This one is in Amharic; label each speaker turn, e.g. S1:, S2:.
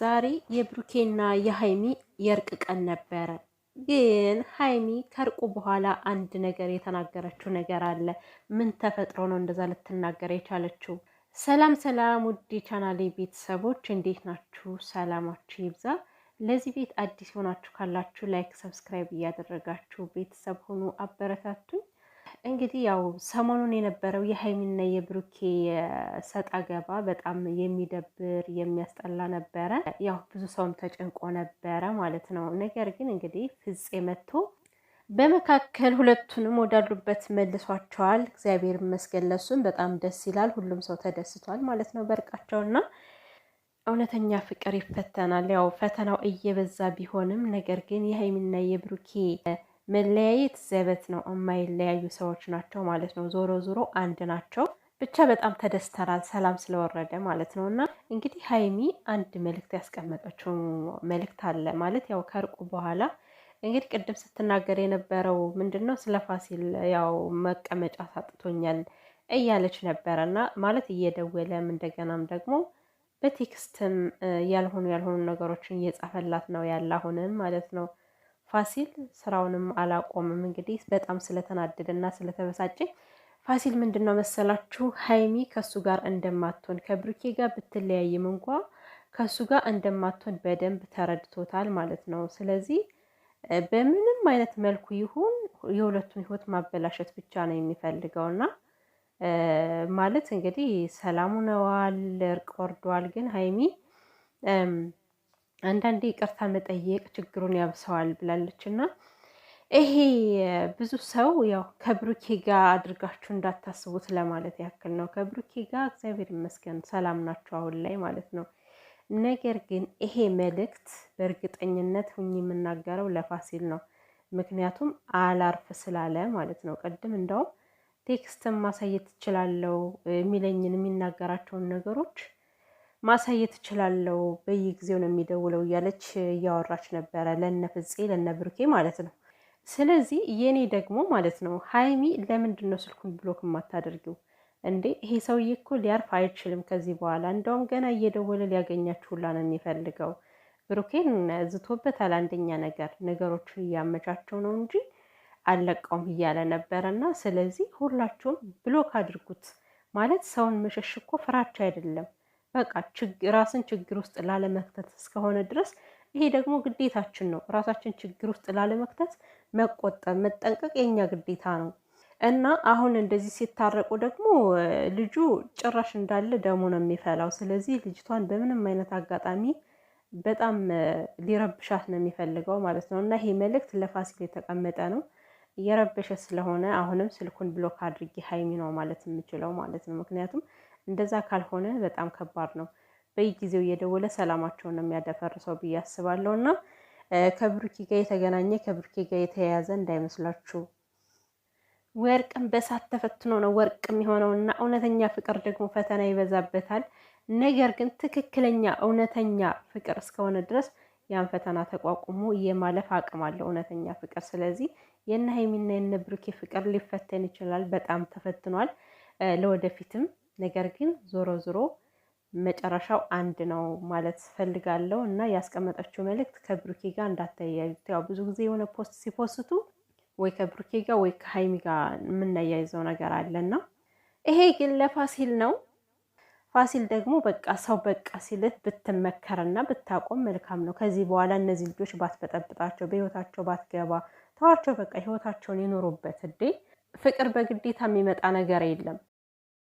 S1: ዛሬ የብሩኬና የሀይሚ የእርቅ ቀን ነበረ። ግን ሀይሚ ከእርቁ በኋላ አንድ ነገር የተናገረችው ነገር አለ። ምን ተፈጥሮ ነው እንደዛ ልትናገር የቻለችው? ሰላም ሰላም፣ ውድ ቻናሌ ቤተሰቦች እንዴት ናችሁ? ሰላማችሁ ይብዛ። ለዚህ ቤት አዲስ ሆናችሁ ካላችሁ ላይክ፣ ሰብስክራይብ እያደረጋችሁ ቤተሰብ ሆኑ፣ አበረታቱኝ። እንግዲህ ያው ሰሞኑን የነበረው የሀይሚና የብሩኬ ሰጣ አገባ በጣም የሚደብር የሚያስጠላ ነበረ። ያው ብዙ ሰውም ተጨንቆ ነበረ ማለት ነው። ነገር ግን እንግዲህ ፍፄ መጥቶ በመካከል ሁለቱንም ወዳሉበት መልሷቸዋል። እግዚአብሔር ይመስገን፣ ለሱም በጣም ደስ ይላል። ሁሉም ሰው ተደስቷል ማለት ነው በርቃቸውና እውነተኛ ፍቅር ይፈተናል። ያው ፈተናው እየበዛ ቢሆንም ነገር ግን የሀይሚና የብሩኬ መለያየት ዘበት ነው። የማይለያዩ ሰዎች ናቸው ማለት ነው። ዞሮ ዞሮ አንድ ናቸው። ብቻ በጣም ተደስተናል፣ ሰላም ስለወረደ ማለት ነው። እና እንግዲህ ሀይሚ አንድ መልእክት ያስቀመጠችው መልእክት አለ ማለት ያው ከርቁ በኋላ እንግዲህ ቅድም ስትናገር የነበረው ምንድን ነው? ስለ ፋሲል ያው መቀመጫ ሳጥቶኛል እያለች ነበረ እና ማለት እየደወለም እንደገናም ደግሞ በቴክስትም ያልሆኑ ያልሆኑ ነገሮችን እየጻፈላት ነው ያለ አሁንም ማለት ነው። ፋሲል ስራውንም አላቆምም። እንግዲህ በጣም ስለተናደደ እና ስለተበሳጨ ፋሲል ምንድን ነው መሰላችሁ ሀይሚ ከሱ ጋር እንደማትሆን ከብሩኬ ጋር ብትለያይም እንኳ ከሱ ጋር እንደማትሆን በደንብ ተረድቶታል ማለት ነው። ስለዚህ በምንም አይነት መልኩ ይሁን የሁለቱን ህይወት ማበላሸት ብቻ ነው የሚፈልገው እና ማለት እንግዲህ ሰላሙ ነዋል፣ እርቅ ወርደዋል። ግን ሀይሚ አንዳንዴ ይቅርታ መጠየቅ ችግሩን ያብሰዋል ብላለች እና ይሄ ብዙ ሰው ያው ከብሩኬ ጋር አድርጋችሁ እንዳታስቡት ለማለት ያክል ነው። ከብሩኬ ጋር እግዚአብሔር ይመስገን ሰላም ናቸው አሁን ላይ ማለት ነው። ነገር ግን ይሄ መልእክት በእርግጠኝነት ሁኝ የምናገረው ለፋሲል ነው። ምክንያቱም አላርፍ ስላለ ማለት ነው። ቅድም እንደውም ቴክስትን ማሳየት ትችላለው የሚለኝን የሚናገራቸውን ነገሮች ማሳየት እችላለሁ በየጊዜው ነው የሚደውለው እያለች እያወራች ነበረ፣ ለነፍጼ ለነብርኬ ማለት ነው። ስለዚህ የኔ ደግሞ ማለት ነው ሀይሚ ለምንድን ነው ስልኩን ብሎክ የማታደርጊው እንዴ? ይሄ ሰውዬ እኮ ሊያርፍ አይችልም ከዚህ በኋላ እንደውም ገና እየደወለ ሊያገኛችሁ ሁላ ነው የሚፈልገው። ብሩኬን ዝቶበታል። አንደኛ ነገር ነገሮችን እያመቻቸው ነው እንጂ አለቀውም እያለ ነበረ እና ስለዚህ ሁላችሁም ብሎክ አድርጉት። ማለት ሰውን መሸሽ እኮ ፍራቻ አይደለም በቃ ራስን ችግር ውስጥ ላለመክተት እስከሆነ ድረስ ይሄ ደግሞ ግዴታችን ነው። ራሳችን ችግር ውስጥ ላለመክተት መቆጠብ፣ መጠንቀቅ የኛ ግዴታ ነው እና አሁን እንደዚህ ሲታረቁ ደግሞ ልጁ ጭራሽ እንዳለ ደሙ ነው የሚፈላው። ስለዚህ ልጅቷን በምንም አይነት አጋጣሚ በጣም ሊረብሻት ነው የሚፈልገው ማለት ነው እና ይሄ መልእክት ለፋሲል የተቀመጠ ነው። እየረበሸ ስለሆነ አሁንም ስልኩን ብሎክ አድርጌ ሀይሚ ነው ማለት የምችለው ማለት ነው ምክንያቱም እንደዛ ካልሆነ በጣም ከባድ ነው። በየጊዜው እየደወለ ሰላማቸውን ነው የሚያደፈርሰው ብዬ አስባለሁ። እና ከብሩኬ ጋር የተገናኘ ከብሩኬ ጋር የተያያዘ እንዳይመስላችሁ። ወርቅም በሳት ተፈትኖ ነው ወርቅ የሚሆነው እና እውነተኛ ፍቅር ደግሞ ፈተና ይበዛበታል። ነገር ግን ትክክለኛ እውነተኛ ፍቅር እስከሆነ ድረስ ያን ፈተና ተቋቁሞ የማለፍ አቅም አለው እውነተኛ ፍቅር። ስለዚህ የነ ሀይሚና የነ ብሩኬ ፍቅር ሊፈተን ይችላል። በጣም ተፈትኗል። ለወደፊትም ነገር ግን ዞሮ ዞሮ መጨረሻው አንድ ነው ማለት ፈልጋለሁ እና ያስቀመጠችው መልእክት ከብሩኬ ጋር እንዳታያዩት። ያው ብዙ ጊዜ የሆነ ፖስት ሲፖስቱ ወይ ከብሩኬ ጋር ወይ ከሀይሚ ጋር የምናያይዘው ነገር አለና ይሄ ግን ለፋሲል ነው። ፋሲል ደግሞ በቃ ሰው በቃ ሲልህ ብትመከርና ብታቆም መልካም ነው። ከዚህ በኋላ እነዚህ ልጆች ባትበጠብጣቸው፣ በህይወታቸው ባትገባ፣ ተዋቸው በቃ ህይወታቸውን ይኖሩበት። እዴ ፍቅር በግዴታ የሚመጣ ነገር የለም።